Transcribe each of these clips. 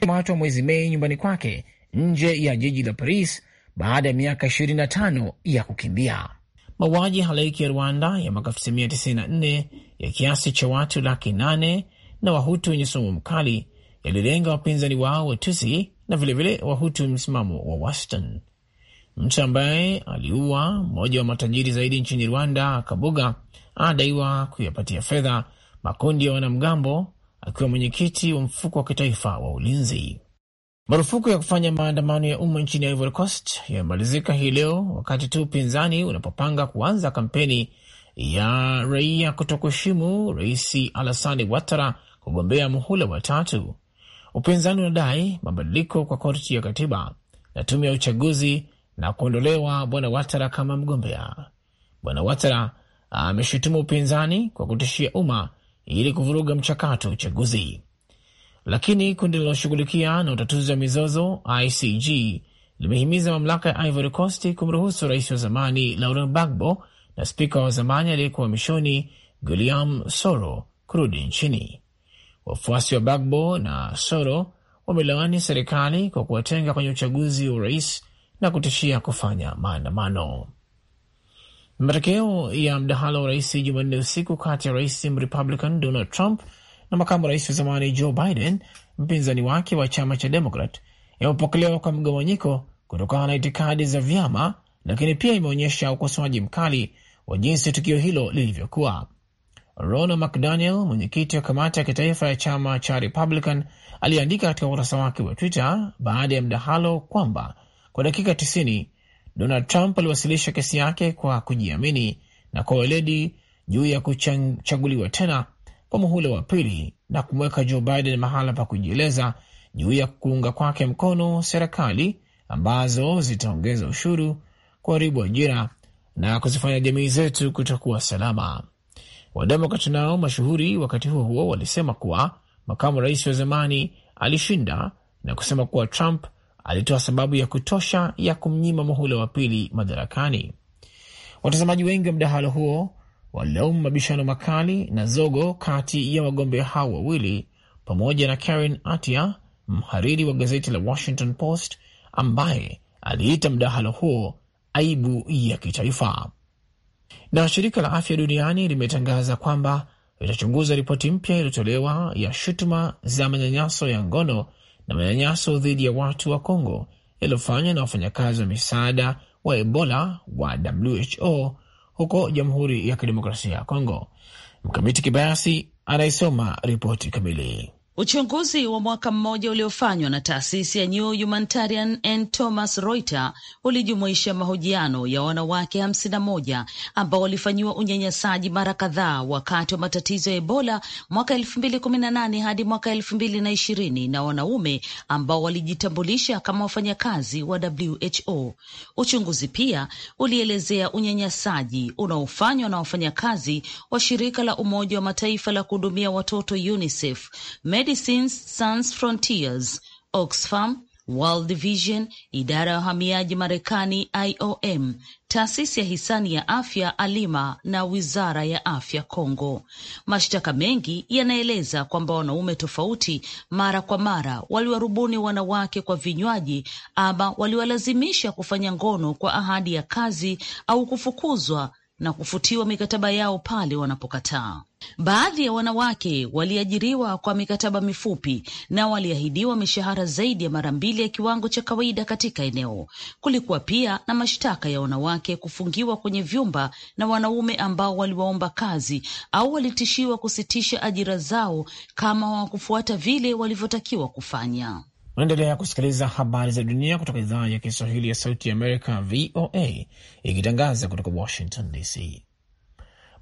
kamatwa mwezi Mei nyumbani kwake nje ya jiji la Paris baada ya miaka 25 ya kukimbia mauaji halaiki ya Rwanda ya mwaka 1994 ya kiasi cha watu laki nane na Wahutu wenye sumu mkali yalilenga wapinzani wao Watusi na vilevile Wahutu msimamo wa Western. Mtu ambaye aliua mmoja wa matajiri zaidi nchini Rwanda, Kabuga, anadaiwa kuyapatia fedha makundi ya wanamgambo akiwa mwenyekiti wa mfuko wa kitaifa wa ulinzi. Marufuku ya kufanya maandamano ya umma nchini Ivory Coast yamemalizika hii leo, wakati tu upinzani unapopanga kuanza kampeni ya raia kutokuheshimu Rais Alassane Ouattara kugombea muhula wa tatu. Upinzani unadai mabadiliko kwa korti ya katiba na tume ya uchaguzi na kuondolewa Bwana Watara kama mgombea. Bwana Watara ah, ameshutumu upinzani kwa kutishia umma ili kuvuruga mchakato wa uchaguzi, lakini kundi linaloshughulikia na utatuzi wa mizozo ICG limehimiza mamlaka ya Ivory Coast kumruhusu rais wa zamani Laurent bagbo na spika wa zamani aliyekuwa mishoni Guillaume Soro kurudi nchini. Wafuasi wa bagbo na Soro wamelaani serikali kwa kuwatenga kwenye uchaguzi wa urais na kutishia kufanya maandamano. Matokeo ya mdahalo wa rais Jumanne usiku kati ya rais Mrepublican Donald Trump na makamu rais wa zamani Joe Biden, mpinzani wake wa chama cha Demokrat, yamepokelewa kwa mgawanyiko kutokana na itikadi za vyama, lakini pia imeonyesha ukosoaji mkali wa jinsi tukio hilo lilivyokuwa. Rona McDaniel, mwenyekiti wa kamati ya kitaifa ya chama cha Republican, aliandika katika ukurasa wake wa Twitter baada ya mdahalo kwamba kwa dakika 90 Donald Trump aliwasilisha kesi yake kwa kujiamini na kwa weledi juu ya kuchaguliwa tena kwa muhula wa pili na kumweka Joe Biden mahala pa kujieleza juu ya kuunga kwake mkono serikali ambazo zitaongeza ushuru, kuharibu ajira na kuzifanya jamii zetu kutokuwa salama. Wademokrati nao mashuhuri wakati huo huo walisema kuwa makamu rais wa zamani alishinda na kusema kuwa Trump alitoa sababu ya kutosha ya kumnyima muhula wa pili madarakani. Watazamaji wengi wa mdahalo huo walilaumu mabishano makali na zogo kati ya wagombea hao wawili, pamoja na Karen Atia, mhariri wa gazeti la Washington Post, ambaye aliita mdahalo huo aibu ya kitaifa. Na shirika la afya duniani limetangaza kwamba litachunguza ripoti mpya iliyotolewa ya shutuma za manyanyaso ya ngono na manyanyaso dhidi ya watu wa congo yaliyofanywa na wafanyakazi wa misaada wa Ebola wa WHO huko Jamhuri ya Kidemokrasia ya congo Mkamiti Kibayasi anayesoma ripoti kamili. Uchunguzi wa mwaka mmoja uliofanywa na taasisi ya New Humanitarian and Thomas Reuters ulijumuisha mahojiano ya wanawake hamsini na moja ambao walifanyiwa unyanyasaji mara kadhaa wakati wa matatizo ya Ebola mwaka elfu mbili kumi na nane hadi mwaka elfu mbili na ishirini na wanaume ambao walijitambulisha kama wafanyakazi wa WHO. Uchunguzi pia ulielezea unyanyasaji unaofanywa na wafanyakazi wa shirika la Umoja wa Mataifa la kuhudumia watoto UNICEF Medi Medicines Sans Frontiers, Oxfam, World Vision, idara ya wahamiaji Marekani IOM, taasisi ya hisani ya afya Alima na wizara ya afya Kongo. Mashtaka mengi yanaeleza kwamba wanaume tofauti mara kwa mara waliwarubuni wanawake kwa vinywaji ama waliwalazimisha kufanya ngono kwa ahadi ya kazi au kufukuzwa na kufutiwa mikataba yao pale wanapokataa. Baadhi ya wanawake waliajiriwa kwa mikataba mifupi na waliahidiwa mishahara zaidi ya mara mbili ya kiwango cha kawaida katika eneo. Kulikuwa pia na mashtaka ya wanawake kufungiwa kwenye vyumba na wanaume ambao waliwaomba kazi au walitishiwa kusitisha ajira zao kama hawakufuata vile walivyotakiwa kufanya. Unaendelea kusikiliza habari za dunia kutoka idhaa ya Kiswahili ya Sauti ya Amerika, VOA, ikitangaza kutoka Washington DC.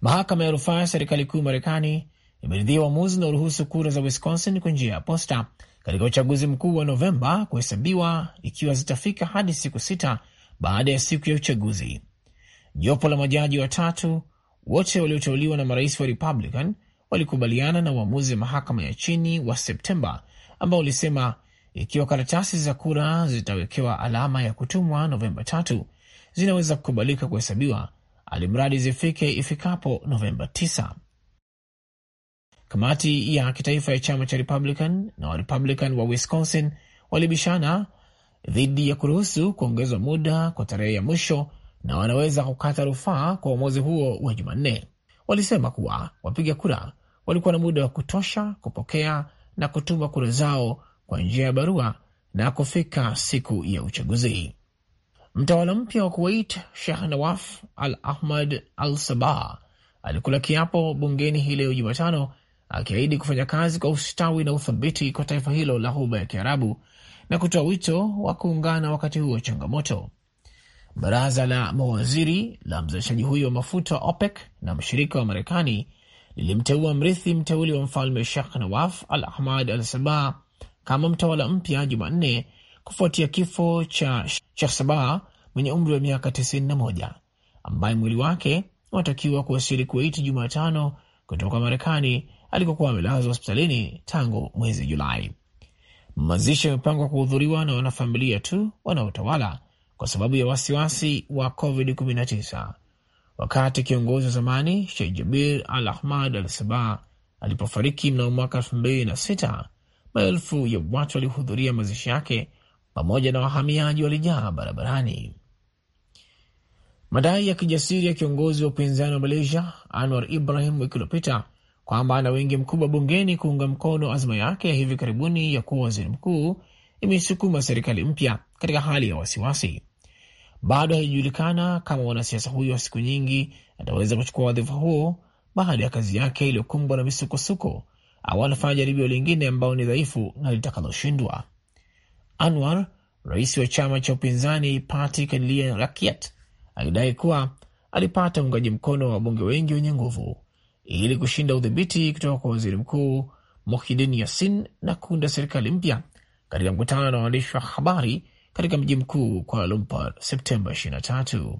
Mahakama ya rufaa ya serikali kuu Marekani imeridhia uamuzi unaoruhusu kura za Wisconsin kwa njia ya posta katika uchaguzi mkuu wa Novemba kuhesabiwa ikiwa zitafika hadi siku sita baada ya siku ya uchaguzi. Jopo la majaji watatu wote walioteuliwa na marais wa Republican walikubaliana na uamuzi wa mahakama ya chini wa Septemba ambao ulisema ikiwa karatasi za kura zitawekewa alama ya kutumwa Novemba tatu, zinaweza kukubalika kuhesabiwa alimradi zifike ifikapo Novemba 9. Kamati ya kitaifa ya chama cha Republican na Warepublican wa Wisconsin walibishana dhidi ya kuruhusu kuongezwa muda kwa tarehe ya mwisho, na wanaweza kukata rufaa kwa uamuzi huo wa Jumanne. Walisema kuwa wapiga kura walikuwa na muda wa kutosha kupokea na kutuma kura zao kwa njia ya barua na kufika siku ya uchaguzi. Mtawala mpya wa Kuwait Shekh Nawaf Al Ahmad Al Sabah alikula kiapo bungeni hii leo Jumatano, akiahidi kufanya kazi kwa ustawi na uthabiti kwa taifa hilo la Ghuba ya Kiarabu na kutoa wito wa kuungana wakati huo changamoto. Baraza la mawaziri la mzalishaji huyo wa mafuta OPEC na mshirika wa Marekani lilimteua mrithi mteuli wa mfalme Shekh Nawaf Al Ahmad Al Sabah kama mtawala mpya Jumanne kufuatia kifo cha Shahsabah mwenye umri wa miaka 91 ambaye mwili wake unatakiwa kuwasili Kuwaiti Jumatano kutoka Marekani alikokuwa amelazwa hospitalini tangu mwezi Julai. Mazishi yamepangwa kuhudhuriwa na wanafamilia tu wanaotawala kwa sababu ya wasiwasi wa COVID-19, wakati kiongozi wa zamani Sheikh Jabir Al Ahmad Al Sabah alipofariki mnamo mwaka 26 maelfu ya watu walihudhuria mazishi yake pamoja na wahamiaji walijaa barabarani. Madai ya kijasiri ya kiongozi wa upinzani wa Malaysia Anwar Ibrahim wiki iliyopita kwamba ana wingi mkubwa bungeni kuunga mkono azma yake ya hivi karibuni ya kuwa waziri mkuu imeisukuma serikali mpya katika hali ya wasiwasi. Bado haijulikana kama mwanasiasa huyo wa siku nyingi ataweza kuchukua wadhifa huo baada ya kazi yake iliyokumbwa na misukosuko au anafanya jaribio lingine ambao ni dhaifu na litakaloshindwa. Anwar, rais wa chama cha upinzani Parti Kadilia Rakiat, alidai kuwa alipata uungaji mkono wa wabunge wengi wenye nguvu ili kushinda udhibiti kutoka kwa waziri mkuu Mohidin Yasin na kuunda serikali mpya katika mkutano na waandishi wa habari katika mji mkuu Kuala Lumpur Septemba 23.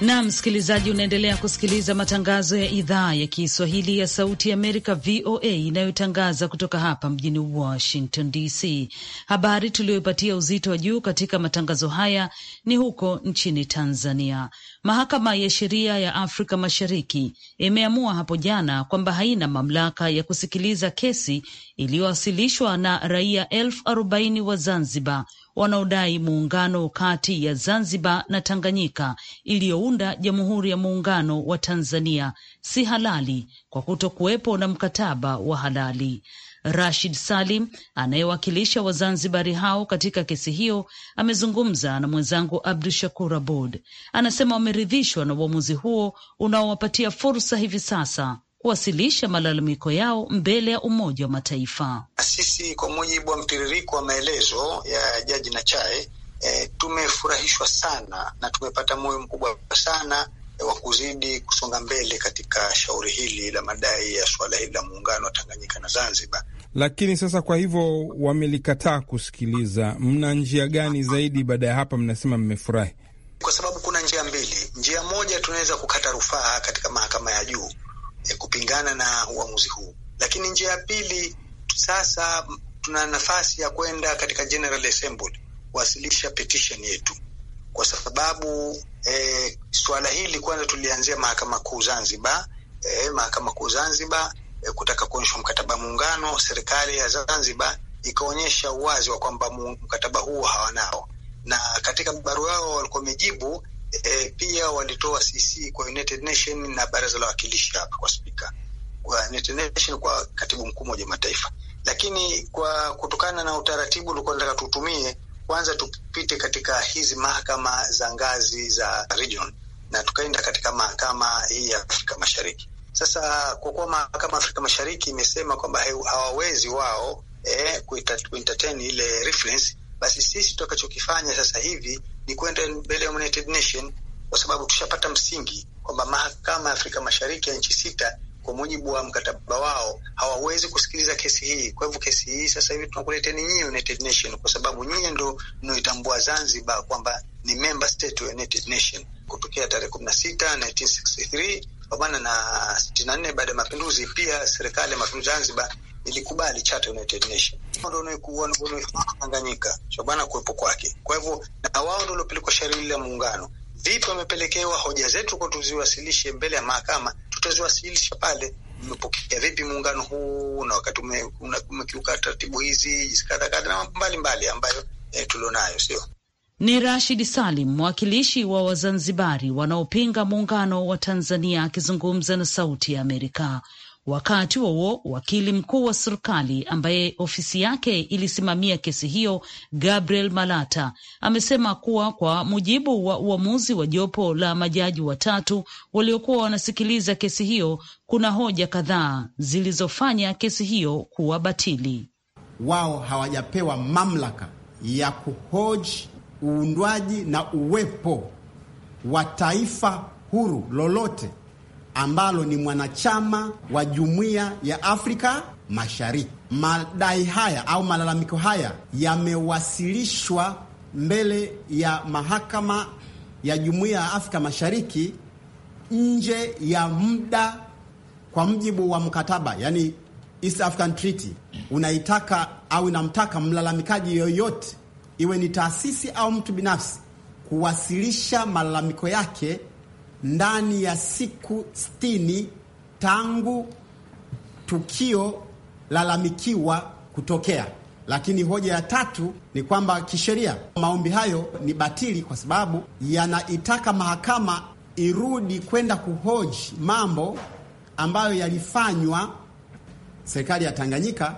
na msikilizaji, unaendelea kusikiliza matangazo ya idhaa ya Kiswahili ya Sauti ya Amerika, VOA, inayotangaza kutoka hapa mjini Washington DC. Habari tuliyoipatia uzito wa juu katika matangazo haya ni huko nchini Tanzania. Mahakama ya Sheria ya Afrika Mashariki imeamua hapo jana kwamba haina mamlaka ya kusikiliza kesi iliyowasilishwa na raia elfu arobaini wa Zanzibar wanaodai muungano kati ya Zanzibar na Tanganyika iliyounda Jamhuri ya Muungano wa Tanzania si halali kwa kutokuwepo na mkataba wa halali. Rashid Salim anayewakilisha Wazanzibari hao katika kesi hiyo amezungumza na mwenzangu Abdu Shakur Abud, anasema wameridhishwa na uamuzi huo unaowapatia fursa hivi sasa kuwasilisha malalamiko yao mbele ya Umoja wa Mataifa. Sisi kwa mujibu wa mtiririko wa maelezo ya Jaji chae, e, eh, tumefurahishwa sana na tumepata moyo mkubwa sana wa kuzidi kusonga mbele katika shauri hili la madai ya suala hili la muungano wa Tanganyika na Zanzibar. Lakini sasa, kwa hivyo wamelikataa kusikiliza, mna njia gani zaidi baada ya hapa? Mnasema mmefurahi kwa sababu kuna njia mbili. Njia moja, tunaweza kukata rufaa katika mahakama ya juu ya kupingana na uamuzi huu, lakini njia ya pili, sasa tuna nafasi ya kwenda katika General Assembly kuwasilisha petition yetu, kwa sababu E, eh, suala hili kwanza tulianzia mahakama kuu Zanzibar, e, mahakama kuu Zanzibar e, kutaka kuonyeshwa mkataba muungano. Serikali ya Zanzibar ikaonyesha uwazi wa kwamba mkataba huo hawanao, na katika barua yao walikuwa wamejibu e, pia walitoa CC kwa United na baraza la wakilishi hapa kwa spika kwa United kwa katibu mkuu Umoja Mataifa, lakini kwa kutokana na utaratibu ulikuwa nataka tutumie kwanza tupite katika hizi mahakama za ngazi za region na tukaenda katika mahakama hii ya Afrika Mashariki. Sasa kwa kuwa mahakama Afrika Mashariki imesema kwamba hawawezi wao eh, kuentertain ile reference, basi sisi tutakachokifanya sasa hivi ni kwenda mbele ya United Nation, kwa sababu tushapata msingi kwamba mahakama ya Afrika Mashariki ya nchi sita kwa mujibu wa mkataba wao hawawezi kusikiliza kesi hii. Kwa hivyo kesi hii sasa hivi tunakuleteni nyinyi United Nation, kwa sababu nyinyi ndo mnaitambua Zanzibar kwamba ni member state wa United Nation kutokea tarehe kumi na 1963 pambana na sitini na nne baada ya mapinduzi. Pia serikali ya mapinduzi Zanzibar ilikubali chata United Nation, ndo wanaoifahamu Tanganyika shabana kuwepo kwake. Kwa hivyo na wao ndo waliopelekwa sheria lile la muungano Vipi wamepelekewa hoja zetu kwa tuziwasilishe mbele ya mahakama, tutaziwasilisha pale. umepokea vipi muungano huu, na wakati umekiuka taratibu hizi jinsi kadha kadha, na mambo mbalimbali ambayo eh, tulionayo, sio ni Rashid Salim, mwakilishi wa Wazanzibari wanaopinga muungano wa Tanzania, akizungumza na Sauti ya Amerika. Wakati huo wakili mkuu wa serikali ambaye ofisi yake ilisimamia kesi hiyo, Gabriel Malata, amesema kuwa kwa mujibu wa uamuzi wa jopo la majaji watatu waliokuwa wanasikiliza kesi hiyo, kuna hoja kadhaa zilizofanya kesi hiyo kuwa batili. Wao hawajapewa mamlaka ya kuhoji uundwaji na uwepo wa taifa huru lolote ambalo ni mwanachama wa Jumuiya ya Afrika Mashariki. Madai haya au malalamiko haya yamewasilishwa mbele ya mahakama ya Jumuiya ya Afrika Mashariki nje ya muda kwa mjibu wa mkataba, yani East African Treaty unaitaka au inamtaka mlalamikaji yoyote, iwe ni taasisi au mtu binafsi, kuwasilisha malalamiko yake ndani ya siku sitini tangu tukio lalamikiwa kutokea. Lakini hoja ya tatu ni kwamba kisheria maombi hayo ni batili kwa sababu yanaitaka mahakama irudi kwenda kuhoji mambo ambayo yalifanywa serikali ya Tanganyika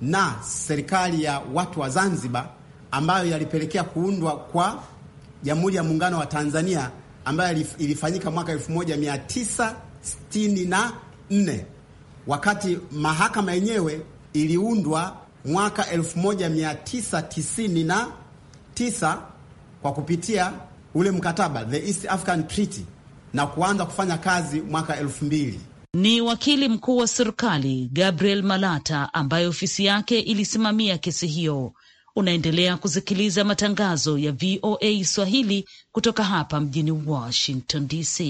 na serikali ya watu wa Zanzibar ambayo yalipelekea kuundwa kwa Jamhuri ya Muungano wa Tanzania ambayo ilifanyika mwaka 1964 wakati mahakama yenyewe iliundwa mwaka 1999 kwa kupitia ule mkataba the East African Treaty na kuanza kufanya kazi mwaka elfu mbili. Ni wakili mkuu wa serikali Gabriel Malata ambaye ofisi yake ilisimamia kesi hiyo Unaendelea kusikiliza matangazo ya VOA Swahili kutoka hapa mjini Washington DC.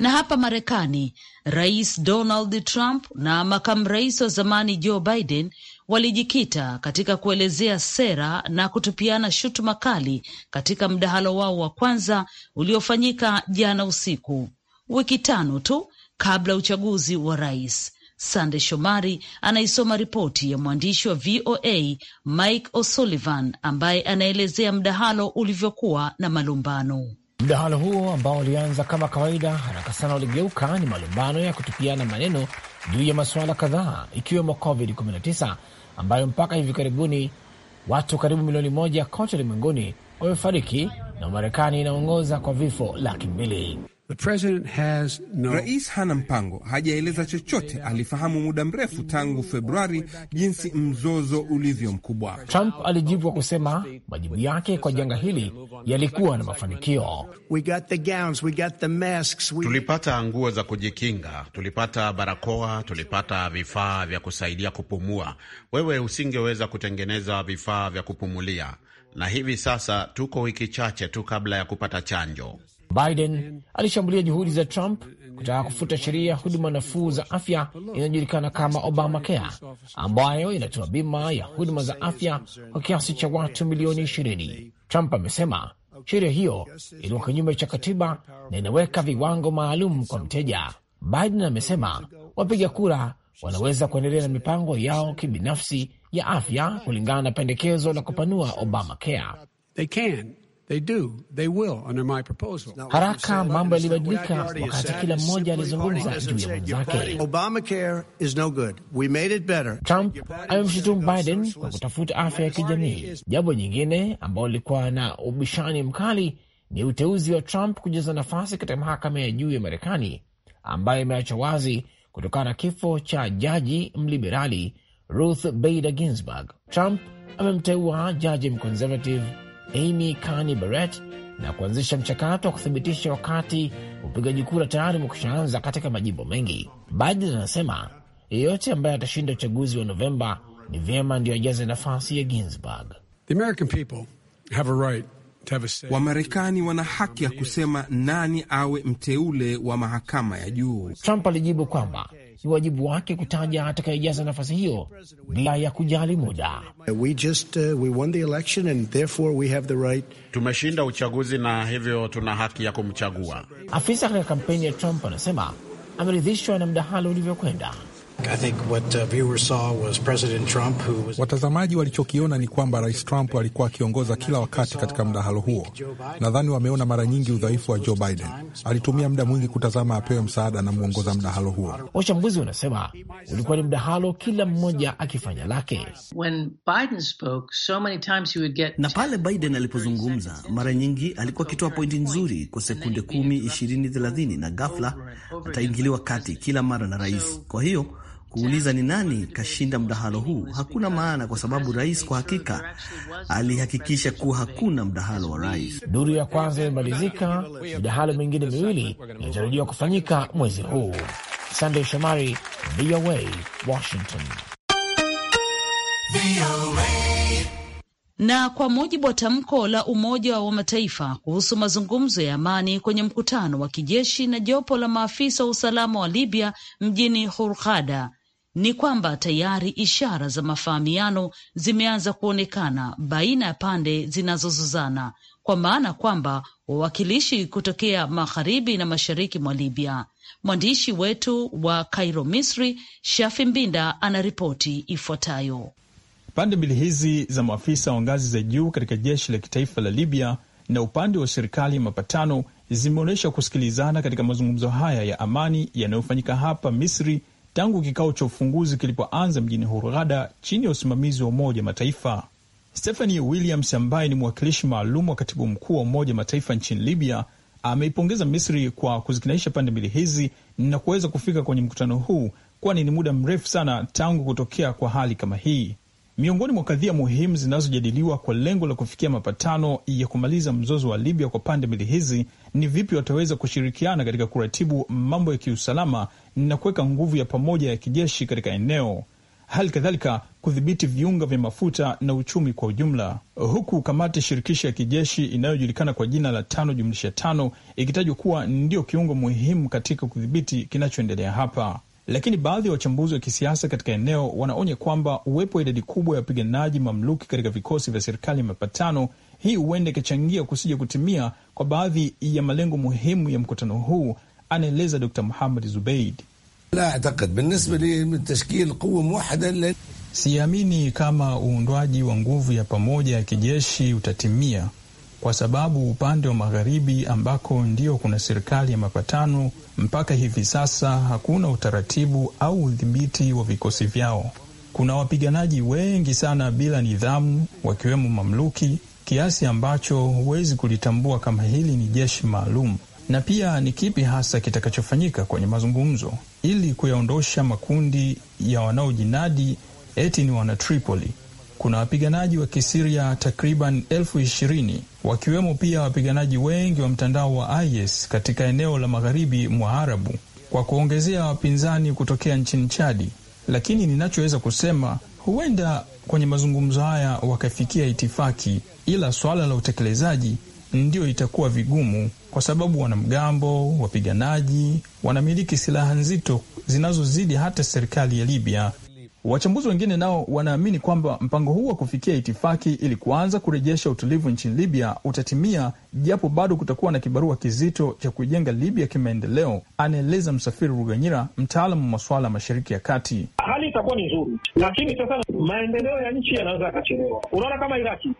Na hapa Marekani, Rais Donald Trump na makamu rais wa zamani Joe Biden walijikita katika kuelezea sera na kutupiana shutuma kali katika mdahalo wao wa kwanza uliofanyika jana usiku wiki tano tu kabla uchaguzi wa rais. Sande Shomari anaisoma ripoti ya mwandishi wa VOA Mike O'Sullivan ambaye anaelezea mdahalo ulivyokuwa na malumbano. Mdahalo huo ambao ulianza kama kawaida haraka sana uligeuka ni malumbano ya kutupiana maneno juu ya masuala kadhaa ikiwemo COVID-19 ambayo mpaka hivi karibuni watu karibu milioni moja kote ulimwenguni wamefariki na Marekani inaongoza kwa vifo laki mbili no... Rais hana mpango, hajaeleza chochote. Alifahamu muda mrefu tangu Februari jinsi mzozo ulivyo mkubwa. Trump alijibu kwa kusema majibu yake kwa janga hili yalikuwa na mafanikio. We got the gowns, we got the masks, we... tulipata nguo za kujikinga, tulipata barakoa, tulipata vifaa vya kusaidia kupumua. Wewe usingeweza kutengeneza vifaa vya kupumulia, na hivi sasa tuko wiki chache tu kabla ya kupata chanjo. Biden alishambulia juhudi za Trump kutaka kufuta sheria ya huduma nafuu za afya inayojulikana kama Obamacare, ambayo inatoa bima ya huduma za afya kwa kiasi cha watu milioni ishirini. Trump amesema sheria hiyo ilikuwa kinyume cha katiba na inaweka viwango maalum kwa mteja. Biden amesema wapiga kura wanaweza kuendelea na mipango yao kibinafsi ya afya kulingana na pendekezo la kupanua Obamacare. They can. Haraka mambo yalibadilika wakati kila mmoja alizungumza juu ya mwenzake. Trump amemshutumu Biden kwa kutafuta afya ya kijamii. Jambo nyingine ambalo lilikuwa na ubishani mkali ni uteuzi wa Trump kujaza nafasi katika mahakama ya juu ya Marekani ambayo imeacha wazi kutokana na kifo cha jaji mliberali Ruth Bader Ginsburg. Trump amemteua jaji mconservative Amy Coney Barrett na kuanzisha mchakato wa kuthibitisha wakati upigaji kura tayari umekushaanza katika majimbo mengi. Biden anasema yeyote ambaye atashinda uchaguzi wa Novemba ni vyema ndiyo ajaze nafasi ya Ginsburg. Wamarekani wana haki ya kusema nani awe mteule wa mahakama ya juu. Trump alijibu kwamba ni wajibu wake kutaja atakayejaza nafasi hiyo bila ya kujali muda. We just, uh, we won the election and therefore we have the right. Tumeshinda uchaguzi na hivyo tuna haki ya kumchagua. Afisa katika kampeni ya Trump anasema ameridhishwa na mdahalo ulivyokwenda. Uh, Watazamaji walichokiona ni kwamba Rais Trump alikuwa akiongoza kila wakati katika mdahalo huo. Nadhani wameona mara nyingi udhaifu wa Joe Biden. Alitumia muda mwingi kutazama apewe msaada na mwongoza mdahalo huo. Wachambuzi wanasema ulikuwa ni mdahalo, kila mmoja akifanya lake. Na pale Biden alipozungumza, mara nyingi alikuwa akitoa pointi nzuri kwa sekunde kumi, ishirini, thelathini na ghafla ataingiliwa kati kila mara na rais. Kwa hiyo Kuuliza ni nani kashinda mdahalo huu hakuna maana, kwa sababu rais kwa hakika alihakikisha kuwa hakuna mdahalo wa rais. Duru ya kwanza imemalizika, midahalo mingine miwili inatarajiwa kufanyika mwezi huu. Sandey Shomari, VOA, Washington. Na kwa mujibu wa tamko la Umoja wa Mataifa kuhusu mazungumzo ya amani kwenye mkutano wa kijeshi na jopo la maafisa wa usalama wa Libya mjini Hurghada ni kwamba tayari ishara za mafahamiano zimeanza kuonekana baina ya pande zinazozuzana kwa maana kwamba wawakilishi kutokea magharibi na mashariki mwa Libya. Mwandishi wetu wa cairo Misri, Shafi Mbinda anaripoti ifuatayo. Pande mbili hizi za maafisa wa ngazi za juu katika jeshi la kitaifa la Libya na upande wa serikali ya mapatano zimeonyesha kusikilizana katika mazungumzo haya ya amani yanayofanyika hapa Misri tangu kikao cha ufunguzi kilipoanza mjini Hurghada chini ya usimamizi wa Umoja Mataifa. Stephanie Williams ambaye ni mwakilishi maalum wa katibu mkuu wa Umoja Mataifa nchini Libya ameipongeza Misri kwa kuzikinaisha pande mbili hizi na kuweza kufika kwenye mkutano huu, kwani ni muda mrefu sana tangu kutokea kwa hali kama hii miongoni mwa kadhia muhimu zinazojadiliwa kwa lengo la kufikia mapatano ya kumaliza mzozo wa Libya kwa pande mbili hizi ni vipi wataweza kushirikiana katika kuratibu mambo ya kiusalama na kuweka nguvu ya pamoja ya kijeshi katika eneo, hali kadhalika kudhibiti viunga vya mafuta na uchumi kwa ujumla, huku kamati shirikishi ya kijeshi inayojulikana kwa jina la tano jumlisha tano ikitajwa kuwa ndio kiungo muhimu katika kudhibiti kinachoendelea hapa lakini baadhi ya wachambuzi wa kisiasa katika eneo wanaonya kwamba uwepo wa idadi kubwa ya wapiganaji mamluki katika vikosi vya serikali ya mapatano hii huenda ikachangia kusija kutimia kwa baadhi ya malengo muhimu ya mkutano huu, anaeleza Dr Muhammad Zubeid. siamini kama uundwaji wa nguvu ya pamoja ya kijeshi utatimia kwa sababu upande wa magharibi ambako ndio kuna serikali ya mapatano, mpaka hivi sasa hakuna utaratibu au udhibiti wa vikosi vyao. Kuna wapiganaji wengi sana bila nidhamu, wakiwemo mamluki, kiasi ambacho huwezi kulitambua kama hili ni jeshi maalum na pia ni kipi hasa kitakachofanyika kwenye mazungumzo ili kuyaondosha makundi ya wanaojinadi eti ni wana Tripoli kuna wapiganaji wa Kisiria takriban elfu ishirini wakiwemo pia wapiganaji wengi wa mtandao wa IS katika eneo la magharibi mwa Arabu, kwa kuongezea wapinzani kutokea nchini Chadi. Lakini ninachoweza kusema huenda kwenye mazungumzo haya wakafikia itifaki, ila swala la utekelezaji ndio itakuwa vigumu, kwa sababu wanamgambo wapiganaji wanamiliki silaha nzito zinazozidi hata serikali ya Libya. Wachambuzi wengine nao wanaamini kwamba mpango huu wa kufikia itifaki ili kuanza kurejesha utulivu nchini Libya utatimia, japo bado kutakuwa na kibarua kizito cha kuijenga Libya kimaendeleo, anaeleza Msafiri Ruganyira, mtaalamu wa masuala ya Mashariki ya Kati. Hali itakuwa ni nzuri, lakini sasa maendeleo ya nchi yanaweza yakachelewa. Unaona kama Iraki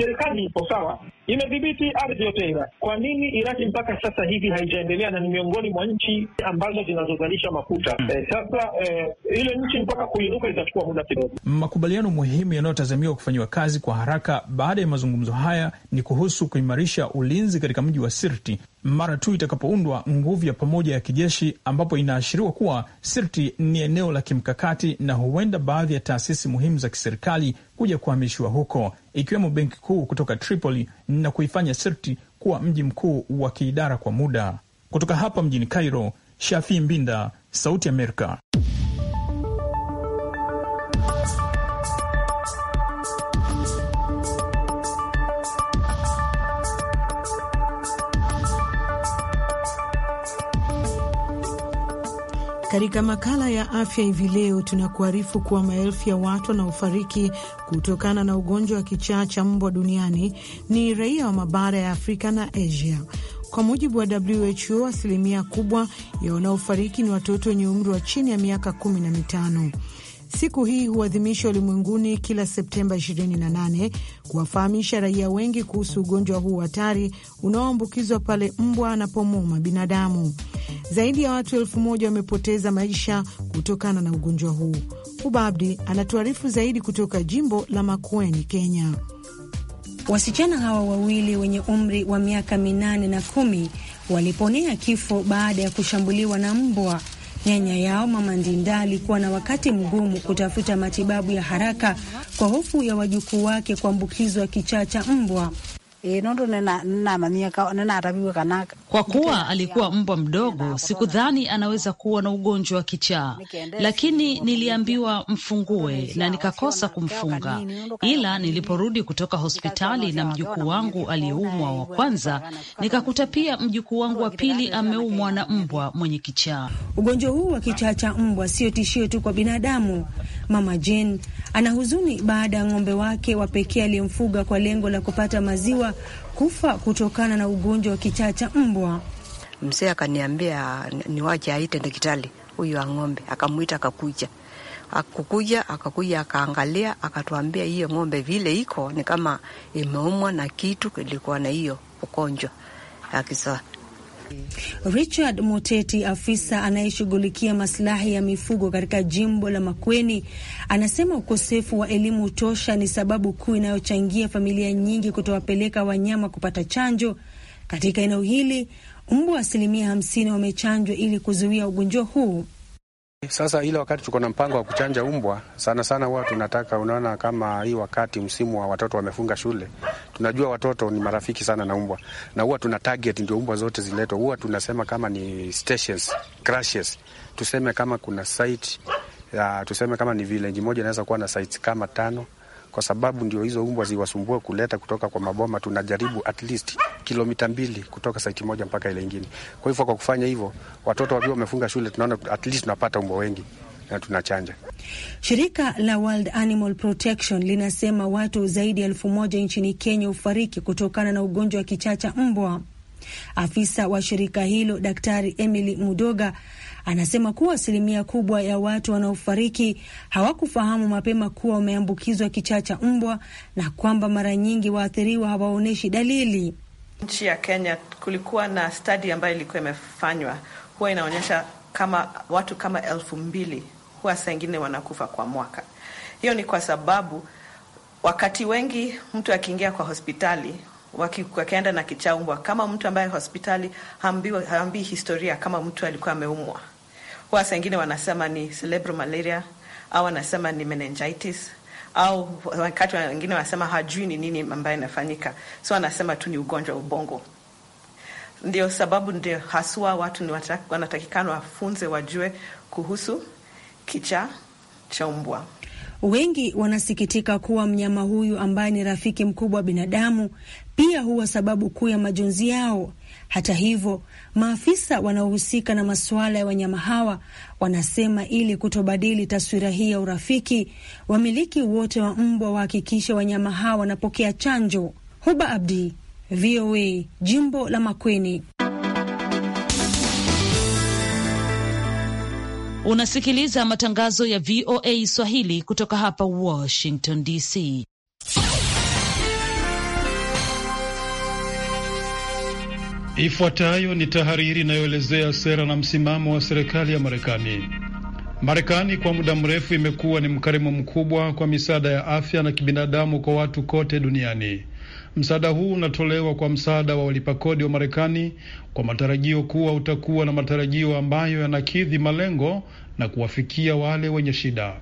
Serikali ipo sawa, imedhibiti ardhi yote Iraq. Kwa nini Iraki mpaka sasa hivi haijaendelea na ni miongoni mwa nchi ambazo zinazozalisha mafuta? Mm. E, sasa e, ile nchi mpaka kuinuka itachukua muda kidogo. Makubaliano muhimu yanayotazamiwa kufanyiwa kazi kwa haraka baada ya mazungumzo haya ni kuhusu kuimarisha ulinzi katika mji wa Sirti mara tu itakapoundwa nguvu ya pamoja ya kijeshi, ambapo inaashiriwa kuwa Sirti ni eneo la kimkakati na huenda baadhi ya taasisi muhimu za kiserikali kuja kuhamishiwa huko, ikiwemo benki kuu kutoka Tripoli na kuifanya Sirti kuwa mji mkuu wa kiidara kwa muda. Kutoka hapa mjini Cairo, Shafii Mbinda, Sauti Amerika. Katika makala ya afya hivi leo tunakuarifu kuwa maelfu ya watu wanaofariki kutokana na ugonjwa wa kichaa cha mbwa duniani ni raia wa mabara ya Afrika na Asia. Kwa mujibu wa WHO, asilimia kubwa ya wanaofariki ni watoto wenye umri wa chini ya miaka kumi na mitano. Siku hii huadhimishwa ulimwenguni kila Septemba 28 kuwafahamisha raia wengi kuhusu ugonjwa huu hatari unaoambukizwa pale mbwa anapomuma binadamu. Zaidi ya watu elfu moja wamepoteza maisha kutokana na ugonjwa huu. Ubabdi anatuarifu zaidi kutoka jimbo la Makueni, Kenya. Wasichana hawa wawili wenye umri wa miaka minane na kumi waliponea kifo baada ya kushambuliwa na mbwa Nyanya yao Mama Ndinda alikuwa na wakati mgumu kutafuta matibabu ya haraka kwa hofu ya wajukuu wake kuambukizwa kichaa cha mbwa. E, nondo nena, nena, mamiaka, nena, kwa kuwa alikuwa mbwa mdogo, sikudhani anaweza kuwa na ugonjwa wa kichaa, lakini niliambiwa mfungue na nikakosa kumfunga. Ila niliporudi kutoka hospitali na mjukuu wangu aliyeumwa wa kwanza, nikakuta pia mjukuu wangu wa pili ameumwa na mbwa mwenye kichaa. Ugonjwa huu wa kichaa cha mbwa sio tishio tu kwa binadamu. Mama Jane ana huzuni baada ya ng'ombe wake wa pekee aliyemfuga kwa lengo la kupata maziwa kufa kutokana na ugonjwa wa kichaa cha mbwa. Mzee akaniambia niwache aite daktari huyu wa ng'ombe, akamwita akakuja akukuja akakuja akaangalia akatuambia, hiyo ng'ombe vile iko ni kama imeumwa na kitu kilikuwa na hiyo ugonjwa akisa Richard Moteti, afisa anayeshughulikia masilahi ya mifugo katika jimbo la Makueni, anasema ukosefu wa elimu tosha ni sababu kuu inayochangia familia nyingi kutowapeleka wanyama kupata chanjo. Katika eneo hili mbwa asilimia hamsini wamechanjwa ili kuzuia ugonjwa huu. Sasa ile wakati tuko na mpango wa kuchanja umbwa, sana sana huwa tunataka, unaona kama hii wakati msimu wa watoto wamefunga shule, tunajua watoto ni marafiki sana na umbwa, na huwa tuna target ndio umbwa zote ziletwe. Huwa tunasema kama ni stations crashes, tuseme kama kuna site ya, tuseme kama ni village moja inaweza kuwa na sites kama tano kwa sababu ndio hizo umbwa ziwasumbue kuleta kutoka kwa maboma. Tunajaribu at least kilomita mbili kutoka saiti moja mpaka ile ingine. Kwa hivyo kwa kufanya hivyo, watoto wakiwa wamefunga shule, tunaona at least tunapata umbwa wengi na tunachanja. Shirika la World Animal Protection linasema watu zaidi ya elfu moja nchini Kenya hufariki kutokana na ugonjwa wa kichaa cha mbwa. Afisa wa shirika hilo Daktari Emily Mudoga anasema kuwa asilimia kubwa ya watu wanaofariki hawakufahamu mapema kuwa wameambukizwa kichaa cha mbwa na kwamba mara nyingi waathiriwa hawaonyeshi dalili. Nchi ya Kenya kulikuwa na stadi ambayo ilikuwa imefanywa, huwa inaonyesha kama watu kama elfu mbili huwa saa ingine wanakufa kwa mwaka. Hiyo ni kwa sababu wakati wengi mtu akiingia kwa hospitali wakienda na kichaa mbwa, kama mtu ambaye hospitali haambii historia kama mtu alikuwa ameumwa huwa wengine wanasema ni cerebral malaria au wanasema ni meningitis au wakati wengine wanasema hajui ni nini ambayo inafanyika, so wanasema tu ni ugonjwa wa ubongo. Ndio sababu ndio haswa watu wanatakikana wafunze, wajue kuhusu kichaa cha mbwa. Wengi wanasikitika kuwa mnyama huyu ambaye ni rafiki mkubwa wa binadamu pia huwa sababu kuu ya majonzi yao hata hivyo, maafisa wanaohusika na masuala ya wanyama hawa wanasema ili kutobadili taswira hii ya urafiki, wamiliki wote wa mbwa wahakikishe wanyama hawa wanapokea chanjo. Huba Abdi, VOA, jimbo la Makueni. Unasikiliza matangazo ya VOA Swahili kutoka hapa Washington DC. Ifuatayo ni tahariri inayoelezea sera na msimamo wa serikali ya Marekani. Marekani kwa muda mrefu imekuwa ni mkarimu mkubwa kwa misaada ya afya na kibinadamu kwa watu kote duniani. Msaada huu unatolewa kwa msaada wa walipa kodi wa Marekani kwa matarajio kuwa utakuwa na matarajio ambayo yanakidhi malengo na kuwafikia wale wenye shida.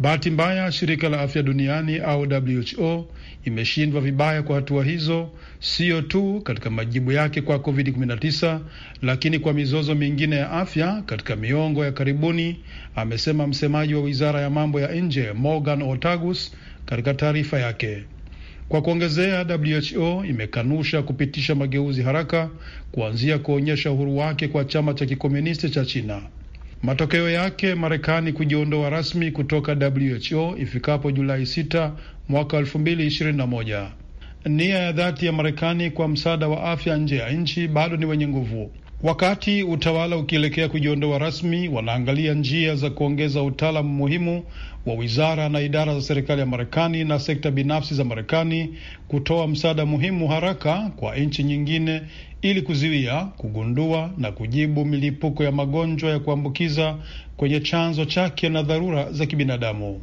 Bahati mbaya, shirika la afya duniani au WHO imeshindwa vibaya kwa hatua hizo, siyo tu katika majibu yake kwa COVID-19, lakini kwa mizozo mingine ya afya katika miongo ya karibuni, amesema msemaji wa wizara ya mambo ya nje Morgan Otagus katika taarifa yake. Kwa kuongezea, WHO imekanusha kupitisha mageuzi haraka kuanzia kuonyesha uhuru wake kwa chama cha kikomunisti cha China. Matokeo yake Marekani kujiondoa rasmi kutoka WHO ifikapo Julai 6 mwaka 2021. Nia ya dhati ya Marekani kwa msaada wa afya nje ya nchi bado ni wenye nguvu. Wakati utawala ukielekea kujiondoa rasmi, wanaangalia njia za kuongeza utaalamu muhimu wa wizara na idara za serikali ya Marekani na sekta binafsi za Marekani kutoa msaada muhimu haraka kwa nchi nyingine ili kuzuia, kugundua na kujibu milipuko ya magonjwa ya kuambukiza kwenye chanzo chake na dharura za kibinadamu.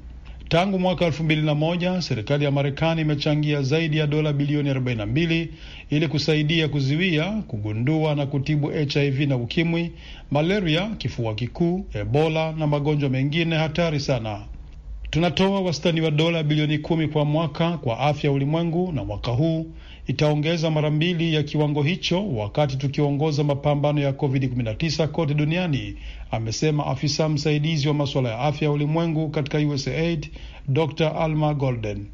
Tangu mwaka elfu mbili na moja serikali ya Marekani imechangia zaidi ya dola bilioni 42 ili kusaidia kuzuia, kugundua na kutibu HIV na ukimwi, malaria, kifua kikuu, Ebola na magonjwa mengine hatari sana. Tunatoa wastani wa dola bilioni kumi kwa mwaka kwa afya ya ulimwengu, na mwaka huu itaongeza mara mbili ya kiwango hicho, wakati tukiongoza mapambano ya COVID-19 kote duniani, amesema afisa msaidizi wa masuala ya afya ya ulimwengu katika USAID Dr. Alma Golden.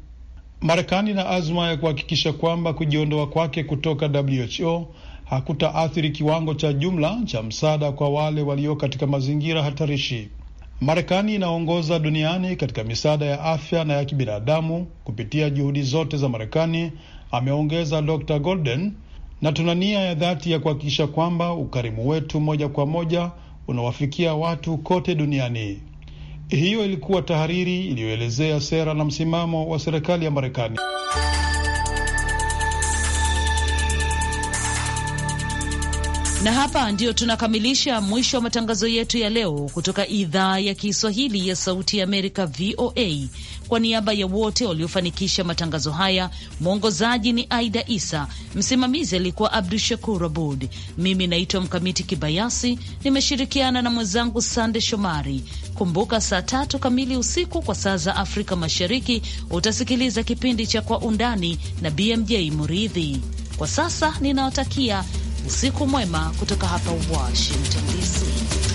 Marekani ina azma ya kuhakikisha kwamba kujiondoa kwake kutoka WHO hakutaathiri kiwango cha jumla cha msaada kwa wale walio katika mazingira hatarishi. Marekani inaongoza duniani katika misaada ya afya na ya kibinadamu kupitia juhudi zote za Marekani, ameongeza Dr Golden, na tuna nia ya dhati ya kuhakikisha kwamba ukarimu wetu moja kwa moja unawafikia watu kote duniani. Hiyo ilikuwa tahariri iliyoelezea sera na msimamo wa serikali ya Marekani. Na hapa ndio tunakamilisha mwisho wa matangazo yetu ya leo kutoka idhaa ya Kiswahili ya Sauti ya Amerika, VOA. Kwa niaba ya wote waliofanikisha matangazo haya, mwongozaji ni Aida Isa, msimamizi alikuwa Abdu Shakur Abud. Mimi naitwa Mkamiti Kibayasi, nimeshirikiana na mwenzangu Sande Shomari. Kumbuka saa tatu kamili usiku kwa saa za Afrika Mashariki utasikiliza kipindi cha Kwa Undani na BMJ Muridhi. Kwa sasa ninawatakia Usiku mwema kutoka hapa Washington DC.